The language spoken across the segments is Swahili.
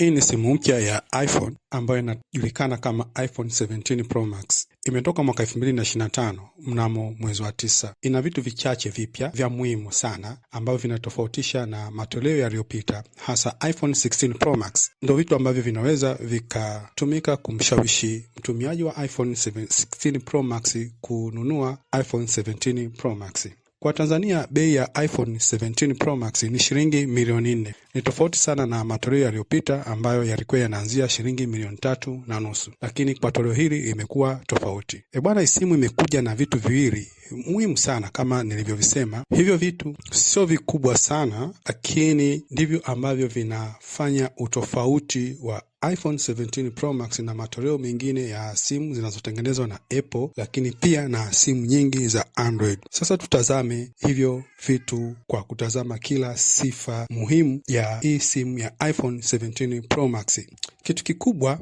Hii ni simu mpya ya iPhone ambayo inajulikana kama iPhone 17 Pro Max. Imetoka mwaka 2025 mnamo mwezi wa tisa. Ina vitu vichache vipya vya muhimu sana ambavyo vinatofautisha na matoleo yaliyopita, hasa iPhone 16 Pro Max. Ndio vitu ambavyo vinaweza vikatumika kumshawishi mtumiaji wa iPhone 16 Pro Max kununua iPhone 17 Pro Max. Kwa Tanzania bei ya iPhone 17 Pro Max ni shilingi milioni nne. Ni tofauti sana na matoleo yaliyopita ambayo yalikuwa yanaanzia shilingi milioni tatu na nusu, lakini kwa toleo hili imekuwa tofauti. E bwana, simu imekuja na vitu viwili muhimu sana kama nilivyovisema. Hivyo vitu sio vikubwa sana, lakini ndivyo ambavyo vinafanya utofauti wa iPhone 17 Pro Max na matoleo mengine ya simu zinazotengenezwa na Apple, lakini pia na simu nyingi za Android. Sasa tutazame hivyo vitu kwa kutazama kila sifa muhimu ya hii simu ya iPhone 17 Pro Max. Kitu kikubwa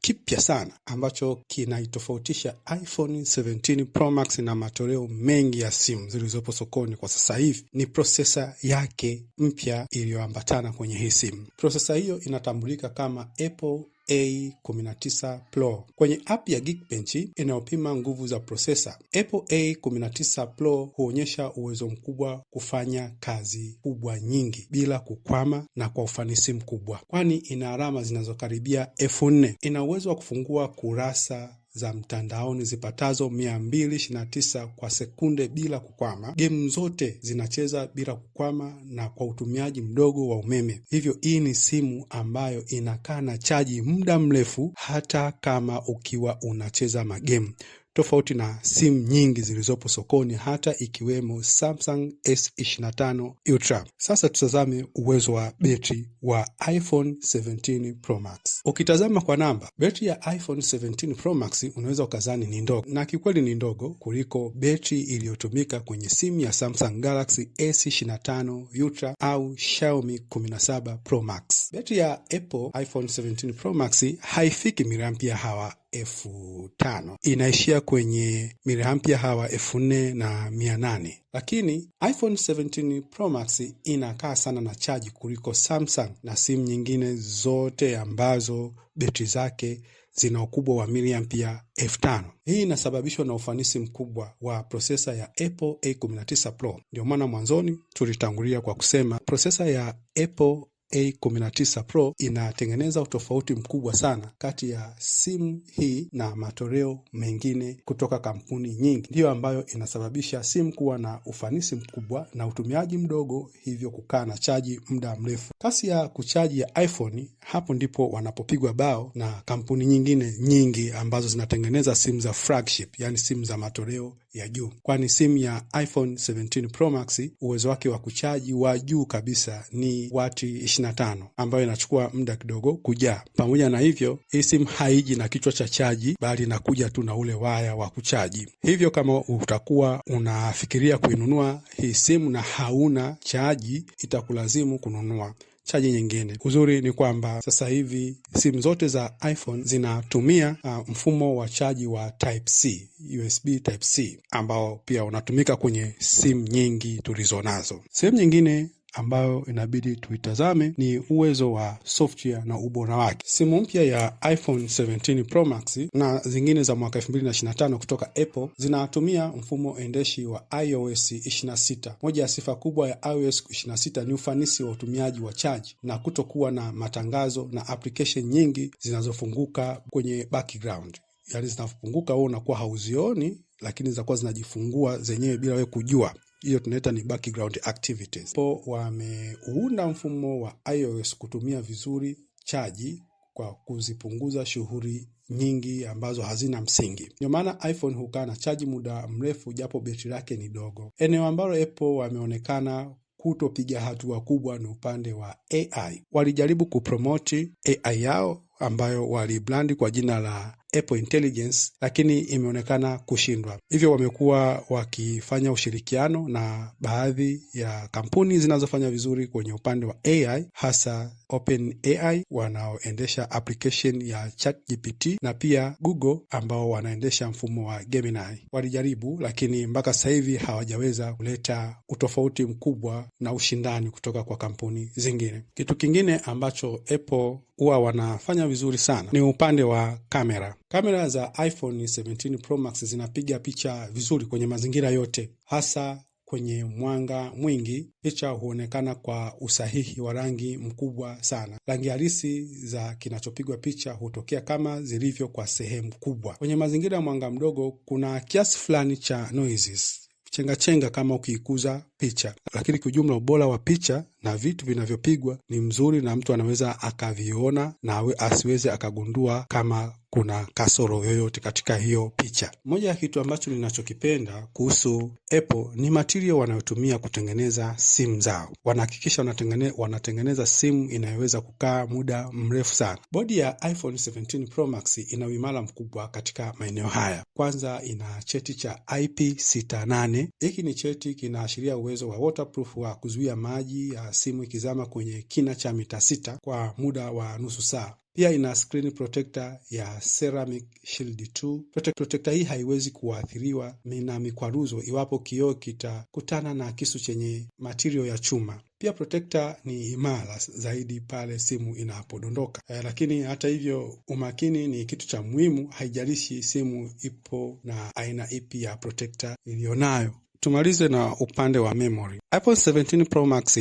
kipya sana ambacho kinaitofautisha iPhone 17 Pro Max na matoleo maendeleo mengi ya simu zilizopo sokoni kwa sasa hivi ni prosesa yake mpya iliyoambatana kwenye hii simu. Prosesa hiyo inatambulika kama Apple A19 Pro. Kwenye app ya Geekbench inayopima nguvu za prosesa, Apple A19 Pro huonyesha uwezo mkubwa kufanya kazi kubwa nyingi bila kukwama na kwa ufanisi mkubwa, kwani ina alama zinazokaribia elfu nne. Ina uwezo wa kufungua kurasa za mtandaoni zipatazo 229 kwa sekunde bila kukwama. Gemu zote zinacheza bila kukwama na kwa utumiaji mdogo wa umeme. Hivyo hii ni simu ambayo inakaa na chaji muda mrefu, hata kama ukiwa unacheza magemu tofauti na simu nyingi zilizopo sokoni hata ikiwemo Samsung S25 Ultra. Sasa tutazame uwezo wa betri wa iPhone 17 Pro Max. Ukitazama kwa namba, betri ya iPhone 17 Pro Max unaweza ukazani ni ndogo, na kikweli ni ndogo kuliko betri iliyotumika kwenye simu ya Samsung Galaxy S25 Ultra au Xiaomi 17 Pro Max. Betri ya Apple iPhone 17 Pro Max haifiki miliampia hawa elfu tano inaishia kwenye miraha mpya hawa elfu nne na mia nane lakini iPhone 17 Pro Max inakaa sana na chaji kuliko Samsung na simu nyingine zote ambazo betri zake zina ukubwa wa miliampia elfu tano. Hii inasababishwa na ufanisi mkubwa wa prosesa ya Apple A19 Pro. Ndio maana mwanzoni tulitangulia kwa kusema prosesa ya Apple A19 Pro inatengeneza utofauti mkubwa sana kati ya simu hii na matoleo mengine kutoka kampuni nyingi, ndiyo ambayo inasababisha simu kuwa na ufanisi mkubwa na utumiaji mdogo, hivyo kukaa na chaji muda mrefu. Kasi ya kuchaji ya iPhone, hapo ndipo wanapopigwa bao na kampuni nyingine nyingi ambazo zinatengeneza simu za flagship, yani simu za matoleo ya juu, kwani simu ya iPhone 17 Pro Max uwezo wake wa kuchaji wa juu kabisa ni wati 25 ambayo inachukua muda kidogo kujaa. Pamoja na hivyo, hii simu haiji na kichwa cha chaji, bali inakuja tu na ule waya wa kuchaji. Hivyo kama utakuwa unafikiria kuinunua hii simu na hauna chaji, itakulazimu kununua chaji nyingine. Uzuri ni kwamba sasa hivi simu zote za iPhone zinatumia uh, mfumo wa chaji wa type C, USB type C ambao pia unatumika kwenye simu nyingi tulizo nazo. Sehemu nyingine ambayo inabidi tuitazame ni uwezo wa software na ubora wake. Simu mpya ya iPhone 17 Pro Max na zingine za mwaka 2025 kutoka Apple zinatumia mfumo endeshi wa iOS 26. Moja ya sifa kubwa ya iOS 26 ni ufanisi wa utumiaji wa chaji na kutokuwa na matangazo na application nyingi zinazofunguka kwenye background, yaani zinafunguka wewe unakuwa hauzioni, lakini zinakuwa zinajifungua zenyewe bila wewe kujua hiyo tunaita ni background activities. Po wameunda mfumo wa iOS kutumia vizuri chaji kwa kuzipunguza shughuli nyingi ambazo hazina msingi. Ndio maana iPhone hukaa na chaji muda mrefu, japo betri lake ni dogo. Eneo ambalo Apple wameonekana kutopiga hatua kubwa ni upande wa AI. Walijaribu kupromoti AI yao ambayo walibrandi kwa jina la Apple Intelligence, lakini imeonekana kushindwa. Hivyo wamekuwa wakifanya ushirikiano na baadhi ya kampuni zinazofanya vizuri kwenye upande wa AI, hasa OpenAI wanaoendesha application ya ChatGPT na pia Google ambao wanaendesha mfumo wa Gemini. Walijaribu, lakini mpaka sasa hivi hawajaweza kuleta utofauti mkubwa na ushindani kutoka kwa kampuni zingine. Kitu kingine ambacho Apple huwa wanafanya vizuri sana ni upande wa kamera. Kamera za iPhone 17 Pro Max zinapiga picha vizuri kwenye mazingira yote, hasa kwenye mwanga mwingi. Picha huonekana kwa usahihi wa rangi mkubwa sana. Rangi halisi za kinachopigwa picha hutokea kama zilivyo kwa sehemu kubwa. Kwenye mazingira ya mwanga mdogo, kuna kiasi fulani cha noises chenga chenga kama ukiikuza picha, lakini kiujumla ubora wa picha na vitu vinavyopigwa ni mzuri, na mtu anaweza akaviona na asiweze akagundua kama kuna kasoro yoyote katika hiyo picha. Moja ya kitu ambacho ninachokipenda kuhusu Apple ni material wanayotumia kutengeneza simu zao. Wanahakikisha wanatengene, wanatengeneza simu inayoweza kukaa muda mrefu sana. Bodi ya iPhone 17 Pro Max ina uimara mkubwa katika maeneo haya. Kwanza, ina cheti cha IP68. Hiki ni cheti kinaashiria uwezo wa waterproof wa kuzuia maji ya simu ikizama kwenye kina cha mita sita kwa muda wa nusu saa. Pia ina screen protector ya ceramic shield 2. Protector hii haiwezi kuathiriwa na mikwaruzo iwapo kioo kitakutana na kisu chenye matirio ya chuma. Pia protekta ni imara zaidi pale simu inapodondoka. E, lakini hata hivyo umakini ni kitu cha muhimu, haijalishi simu ipo na aina ipi ya protekta iliyonayo. Tumalize na upande wa memory. iPhone 17 Pro Max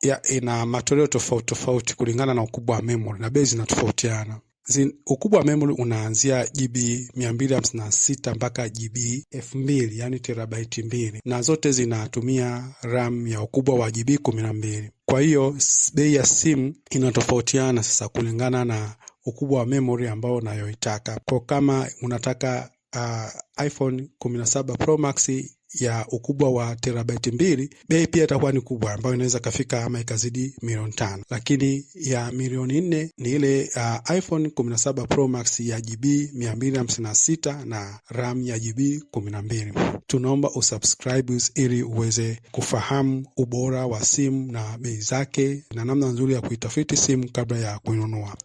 ya, ina matoleo tofauti tofauti kulingana na ukubwa wa memory na bei zinatofautiana. Zin, ukubwa wa memory unaanzia GB 256 mpaka GB 2000 yani terabaiti mbili, na zote zinatumia RAM ya ukubwa wa GB 12. Kwa hiyo bei ya simu inatofautiana sasa kulingana na ukubwa wa memory ambao unayoitaka. Kwa kama unataka uh, iPhone 17 Pro Max ya ukubwa wa terabaiti mbili, bei pia itakuwa ni kubwa, ambayo inaweza ikafika ama ikazidi milioni tano. Lakini ya milioni nne ni ile uh, iPhone 17 Pro Max ya GB 256 na RAM ya GB 12. Tunaomba usubscribe ili uweze kufahamu ubora wa simu na bei zake na namna nzuri ya kuitafiti simu kabla ya kuinunua.